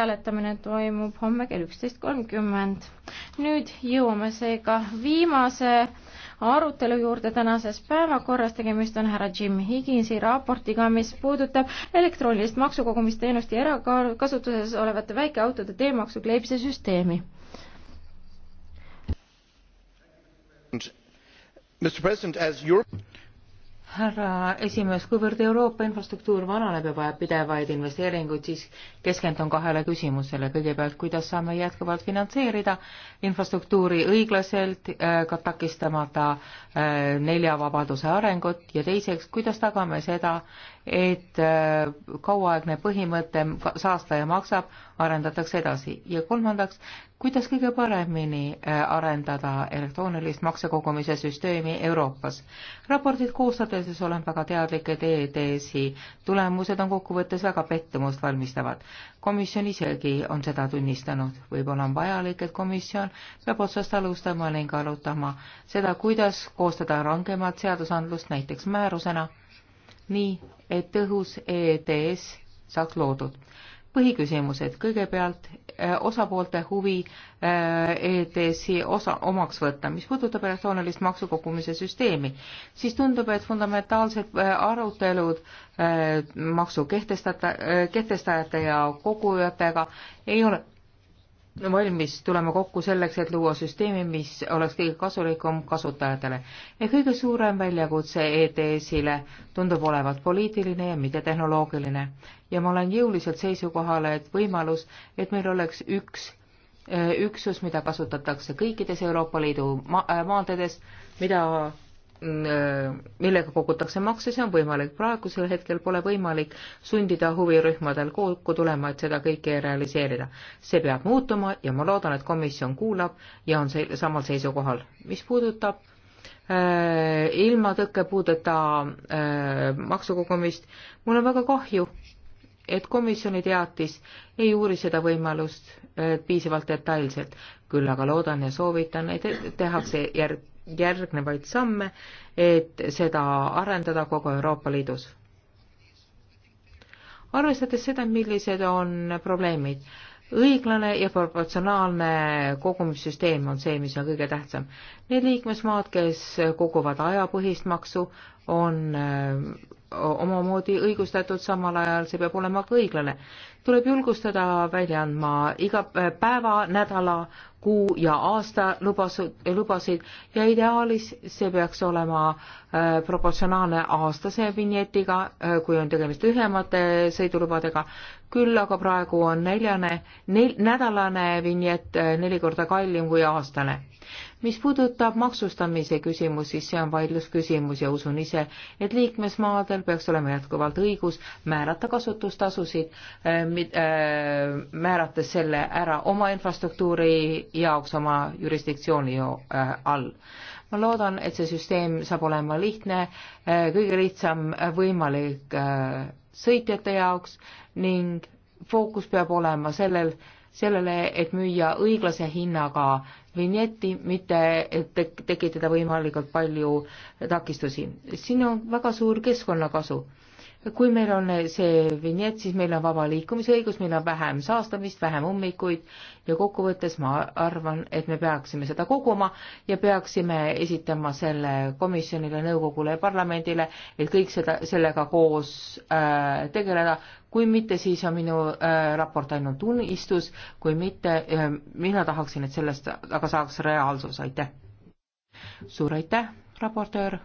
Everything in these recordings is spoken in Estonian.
hääletamine toimub homme kell üksteist kolmkümmend. nüüd jõuame seega viimase arutelu juurde tänases päevakorras, tegemist on härra Jim Higginsi raportiga, mis puudutab elektroonilist maksukogumisteenust ja erakasutuses olevate väikeautode teemaksu kleebise süsteemi. Mr President, as Europe härra esimees, kuivõrd Euroopa infrastruktuur vananeb ja vajab pidevaid investeeringuid, siis keskendun kahele küsimusele. kõigepealt, kuidas saame jätkuvalt finantseerida infrastruktuuri õiglaselt, äh, ka takistamata äh, nelja vabaduse arengut ja teiseks, kuidas tagame seda, et äh, kauaaegne põhimõte saastaja maksab, arendatakse edasi. ja kolmandaks, kuidas kõige paremini äh, arendada elektroonilist maksekogumise süsteemi Euroopas. raportit koostades olen väga teadlik, et EEDS-i tulemused on kokkuvõttes väga pettumust valmistavad. komisjon isegi on seda tunnistanud. võib-olla on vajalik, et komisjon peab otsast alustama ning arutama seda, kuidas koostada rangemat seadusandlust näiteks määrusena, nii et tõhus EEDS saaks loodud põhiküsimused, kõigepealt äh, osapoolte huvi äh, ETS-i osa, omaks võtta. mis puudutab elektroonilist maksukogumise süsteemi, siis tundub, et fundamentaalsed äh, arutelud maksu kehtestajate ja kogujatega ei ole valmis tulema kokku selleks, et luua süsteemi, mis oleks kõige kasulikum kasutajatele. ja kõige suurem väljakutse ETS-ile tundub olevat poliitiline ja mitte tehnoloogiline. ja ma olen jõuliselt seisukohal, et võimalus, et meil oleks üks äh, üksus, mida kasutatakse kõikides Euroopa Liidu ma-, äh, maanteedes, mida Äh, millega kogutakse makse, see on võimalik. praegusel hetkel pole võimalik sundida huvirühmadel kokku tulema, et seda kõike realiseerida. see peab muutuma ja ma loodan, et komisjon kuulab ja on see samal seisukohal. mis puudutab äh, ilma tõkkepuudeta äh, maksukogumist, mul on väga kahju, et komisjoni teatis ei uuri seda võimalust äh, piisavalt detailselt. küll aga loodan ja soovitan, et tehakse järg-, järgnevaid samme, et seda arendada kogu Euroopa Liidus. arvestades seda, millised on probleemid, õiglane ja proportsionaalne kogumissüsteem on see, mis on kõige tähtsam. Need liikmesmaad, kes koguvad ajapõhist maksu, on omamoodi õigustatud, samal ajal see peab olema ka õiglane. tuleb julgustada välja andma iga äh, päeva, nädala, kuu ja aasta lubasid, äh, lubasid ja ideaalis see peaks olema äh, proportsionaalne aastase vinjetiga äh,, kui on tegemist lühemate sõidulubadega, küll aga praegu on neljane nel,, nädalane vinjett äh, neli korda kallim kui aastane mis puudutab maksustamise küsimust, siis see on vaidlusküsimus ja usun ise, et liikmesmaadel peaks olema jätkuvalt õigus määrata kasutustasusid, eh, eh, määrates selle ära oma infrastruktuuri jaoks oma jurisdiktsiooni eh, all ma loodan, et see süsteem saab olema lihtne, kõige lihtsam võimalik sõitjate jaoks ning fookus peab olema sellel, sellele, et müüa õiglase hinnaga vinjetti, mitte tekitada võimalikult palju takistusi. siin on väga suur keskkonnakasu kui meil on see vinjett, siis meil on vaba liikumisõigus, meil on vähem saastamist, vähem ummikuid ja kokkuvõttes ma arvan, et me peaksime seda koguma ja peaksime esitama selle komisjonile, nõukogule ja parlamendile, et kõik seda, sellega koos äh, tegeleda. kui mitte, siis on minu äh, raport ainult unistus, kui mitte äh,, mina tahaksin, et sellest aga saaks reaalsus, aitäh. suur aitäh, raportöör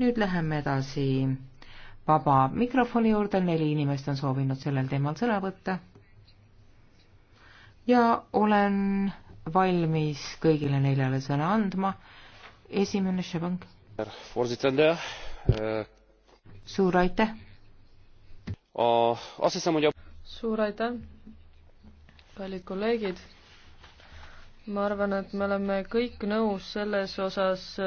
nüüd läheme edasi vaba mikrofoni juurde, neli inimest on soovinud sellel teemal sõna võtta. ja olen valmis kõigile neljale sõna andma. esimene, Šebank. Eh, suur aitäh. suur aitäh, kallid kolleegid. ma arvan, et me oleme kõik nõus selles osas,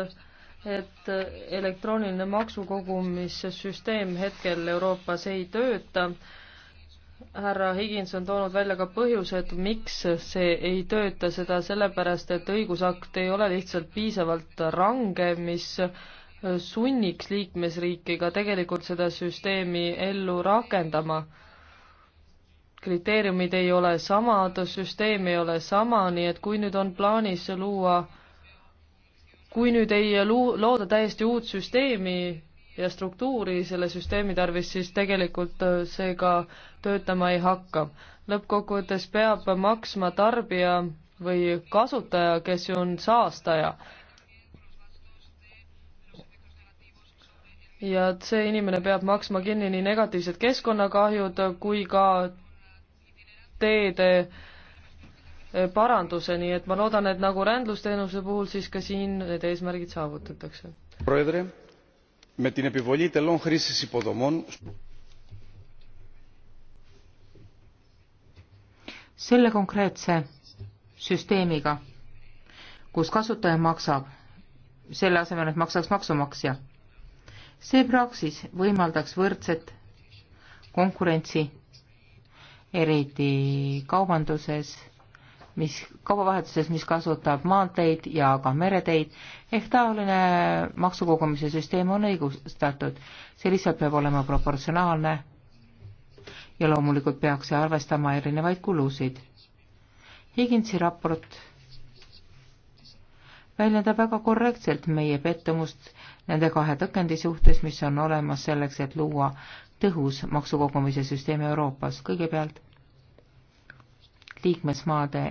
et elektrooniline maksukogumissüsteem hetkel Euroopas ei tööta. härra Higins on toonud välja ka põhjused, miks see ei tööta, seda sellepärast, et õigusakt ei ole lihtsalt piisavalt range, mis sunniks liikmesriiki ka tegelikult seda süsteemi ellu rakendama. kriteeriumid ei ole samad, süsteem ei ole sama, nii et kui nüüd on plaanis luua kui nüüd ei looda täiesti uut süsteemi ja struktuuri selle süsteemi tarvis, siis tegelikult äh, see ka töötama ei hakka. lõppkokkuvõttes peab maksma tarbija või kasutaja, kes ju on saastaja. ja et see inimene peab maksma kinni nii negatiivsed keskkonnakahjud kui ka teede äh, Äh, paranduse, nii et ma loodan, et nagu rändlusteenuse puhul, siis ka siin need eesmärgid saavutatakse. selle konkreetse süsteemiga, kus kasutaja maksab, selle asemel, et maksaks maksumaksja, see praksis võimaldaks võrdset konkurentsi, eriti kaubanduses mis kaubavahetuses, mis kasutab maanteid ja ka mereteid, ehk taoline maksukogumise süsteem on õigustatud. see lihtsalt peab olema proportsionaalne ja loomulikult peaks see arvestama erinevaid kulusid. Higinsi raport väljendab väga korrektselt meie pettumust nende kahe tõkendi suhtes, mis on olemas selleks, et luua tõhus maksukogumise süsteem Euroopas. kõigepealt liikmesmaade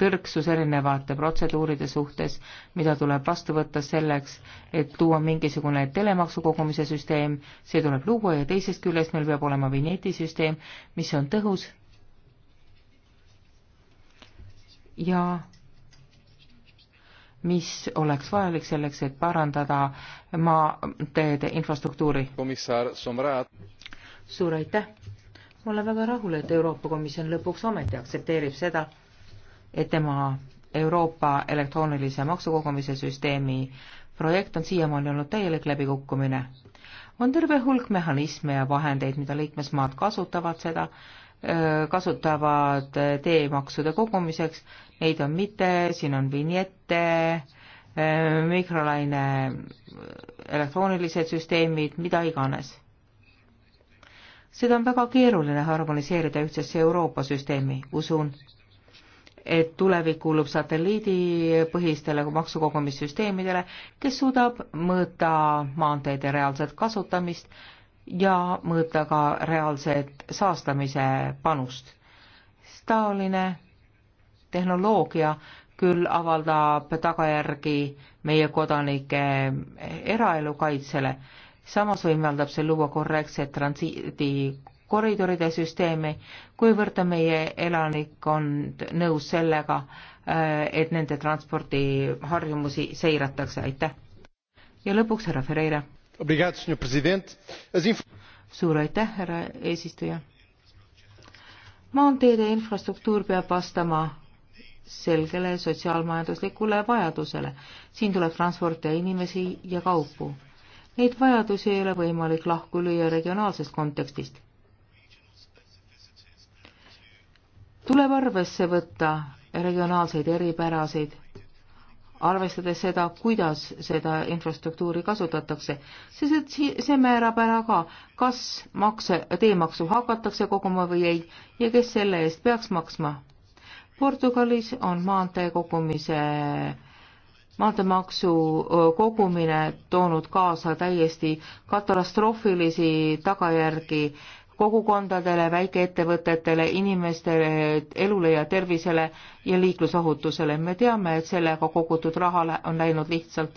tõrksus erinevate protseduuride suhtes, mida tuleb vastu võtta selleks, et tuua mingisugune telemaksu kogumise süsteem, see tuleb luua ja teisest küljest meil peab olema vinjetisüsteem, mis on tõhus ja mis oleks vajalik selleks, et parandada maateede infrastruktuuri. suur aitäh! ma olen väga rahul, et Euroopa Komisjon lõpuks ometi aktsepteerib seda, et tema Euroopa elektroonilise maksukogumise süsteemi projekt on siiamaani olnud täielik läbikukkumine. on terve hulk mehhanisme ja vahendeid, mida liikmesmaad kasutavad seda, kasutavad äh, teemaksude kogumiseks, neid on mitte, siin on vinjette, äh, mikrolaine, äh, elektroonilised süsteemid, mida iganes seda on väga keeruline harmoniseerida ühtsesse Euroopa süsteemi, usun, et tulevik kuulub satelliidipõhistele maksukogumissüsteemidele, kes suudab mõõta maanteede reaalset kasutamist ja mõõta ka reaalset saastamise panust. taoline tehnoloogia küll avaldab tagajärgi meie kodanike eraelu kaitsele, samas võimaldab see luua korrektset transiidikoridoride süsteemi, kuivõrd on meie elanikkond nõus sellega, äh, et nende transpordiharjumusi seiratakse, aitäh. ja lõpuks härra Ferreira. suur aitäh, härra eesistuja. maanteede infrastruktuur peab vastama selgele sotsiaalmajanduslikule vajadusele. siin tuleb transportida inimesi ja kaupu Neid vajadusi ei ole võimalik lahku lüüa regionaalsest kontekstist. tuleb arvesse võtta regionaalseid eripärasid, arvestades seda, kuidas seda infrastruktuuri kasutatakse, sest et see määrab ära ka, kas makse, teemaksu hakatakse koguma või ei ja kes selle eest peaks maksma. Portugalis on maantee kogumise äh, maanteemaksu kogumine toonud kaasa täiesti katastroofilisi tagajärgi kogukondadele, väikeettevõtetele, inimeste elule ja tervisele ja liiklusohutusele. me teame, et sellega kogutud raha on läinud lihtsalt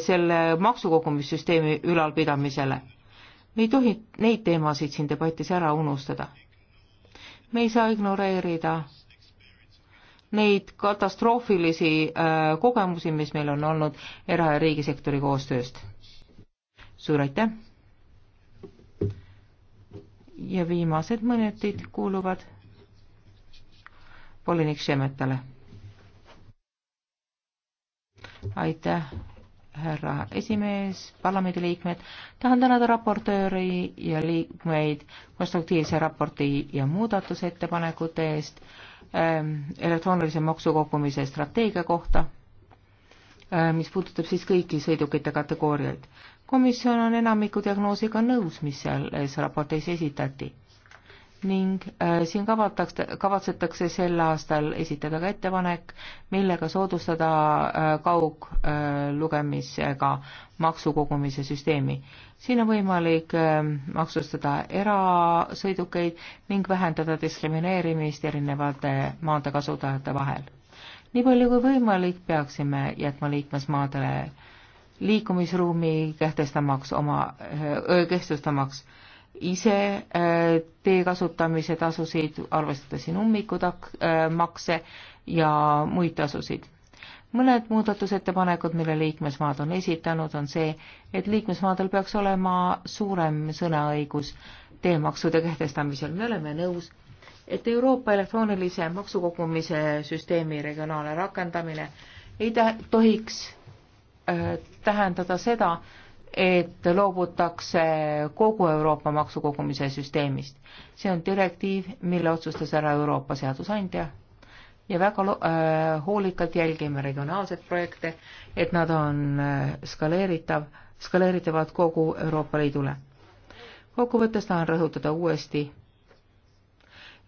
selle maksukogumissüsteemi ülalpidamisele. me ei tohi neid teemasid siin debatis ära unustada. me ei saa ignoreerida neid katastroofilisi äh, kogemusi, mis meil on olnud era- ja riigisektori koostööst. suur aitäh! ja viimased minutid kuuluvad volinik Šemetale. aitäh, härra esimees, parlamendiliikmed, tahan tänada raportööri ja liikmeid konstruktiivse raporti ja muudatusettepanekute eest Ähm, elektroonilise maksukogumise strateegia kohta, ähm, mis puudutab siis kõiki sõidukite kategooriaid. komisjon on enamiku diagnoosiga nõus, mis selles äh, raportis esitati ning äh, siin kavatakse, kavatsetakse sel aastal esitada ka ettepanek, millega soodustada äh, kauglugemisega äh, maksukogumise süsteemi. siin on võimalik ähm, maksustada erasõidukeid ning vähendada diskrimineerimist erinevate maade kasutajate vahel. nii palju kui võimalik, peaksime jätma liikmesmaadele liikumisruumi kehtestamaks oma, kehtestamaks öö, ise äh, tee kasutamise tasusid, arvestada siin ummikumakse äh, ja muid tasusid. mõned muudatusettepanekud, mille liikmesmaad on esitanud, on see, et liikmesmaadel peaks olema suurem sõnaõigus teemaksude kehtestamisel, me oleme nõus, et Euroopa elektroonilise maksukogumise süsteemi regionaalne rakendamine ei tohiks äh, tähendada seda, et loobutakse kogu Euroopa maksukogumise süsteemist. see on direktiiv, mille otsustas ära Euroopa seadusandja ja väga lo-, äh, hoolikalt jälgime regionaalseid projekte, et nad on äh, skaleeritav, skaleeritavad kogu Euroopa Liidule. kokkuvõttes tahan rõhutada uuesti,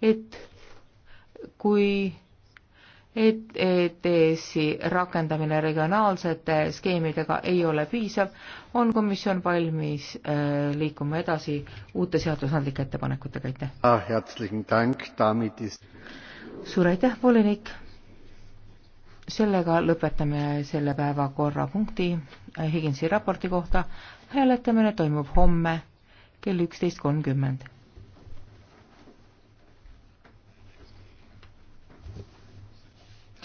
et kui et ETS-i rakendamine regionaalsete skeemidega ei ole piisav, on komisjon valmis äh, liikuma edasi uute seadusandlike ettepanekutega, aitäh! Ah, suur aitäh, volinik! sellega lõpetame selle päevakorrapunkti äh, Higinsi raporti kohta, hääletamine toimub homme kell üksteist kolmkümmend